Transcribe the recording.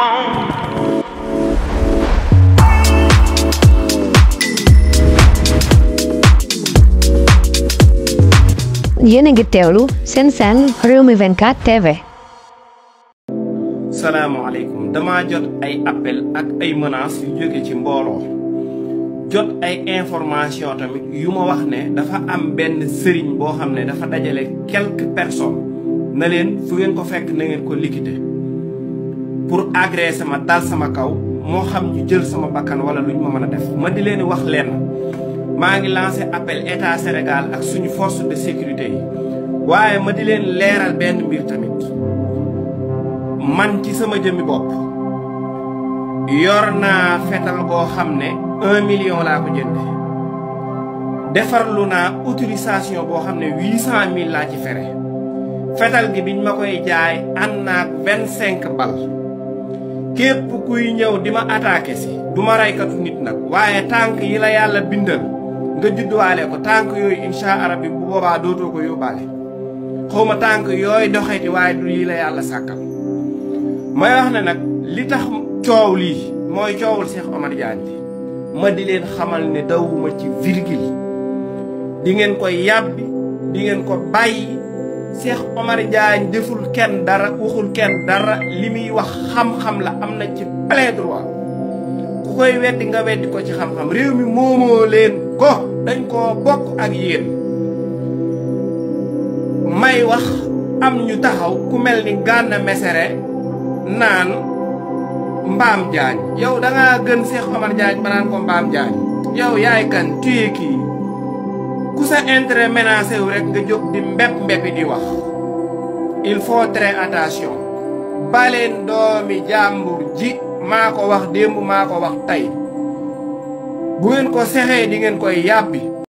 yéen a ngi sen sen seen Rewmi 24 TV. alaikum. Dama jot ay appel ak ay menaces yu jóge ci mbooloo jot ay information tamit yu ma wax ne dafa am ben sëriñ bo xam dafa dajale quelques personnes na leen fu ngeen ko fek na ngeen ko liquider. pour agresser sama dal sama kaw moo xam ñu jël sama bakkan wala luñ ma mën a def ma di leen wax lenn maa ngi lancé appel état Sénégal ak suñu force de sécurité waaye ma di leen leeral benn mbir tamit man ci sama jëmmi bopp yor naa fetal boo xam ne un million laa ko jënde defarlu naa autorisation boo xam ne cent mille laa ci fere fetal gi biñ ma koy jaay ànd naa bal képp kuy ñëw di ma attaqué si du ma raykatu nit nag waaye tànk yi la yàlla bindal nga judduwaale ko tànk yooyu incha arabi bu boobaa dootoo ko yóbbaale xaw ma tànk yooyu doxeti waaye du yi la yàlla sàkkal may wax ne nag li tax coow lii mooy coowul seex Omar Diagne li ma di leen xamal ne dawuma ci virgule di ngeen ko yàbbi di ngeen ko bàyyi Cheikh Omar Diagne deful kenn dara waxul kenn dara li muy wax xam-xam la am na ci plein droit ku koy weddi nga weddi ko ci xam-xam réew mi moomoo leen ko dañ koo bokk ak yéen may wax am ñu taxaw ku mel ni Gana Messere naan Mbaam Diagne yow da ngaa gën Cheikh Omar Diagne ba naan ko Mbaam Diagne yow yaay kan tuye kii ku sa intérêt menacé wu rek nga jóg di mbépp mbéppi di wax il faut très attention baleen doomi jàmbur ji maa ko wax démb maa ko wax tey bu ngeen ko sexee di ngeen koy yàbbi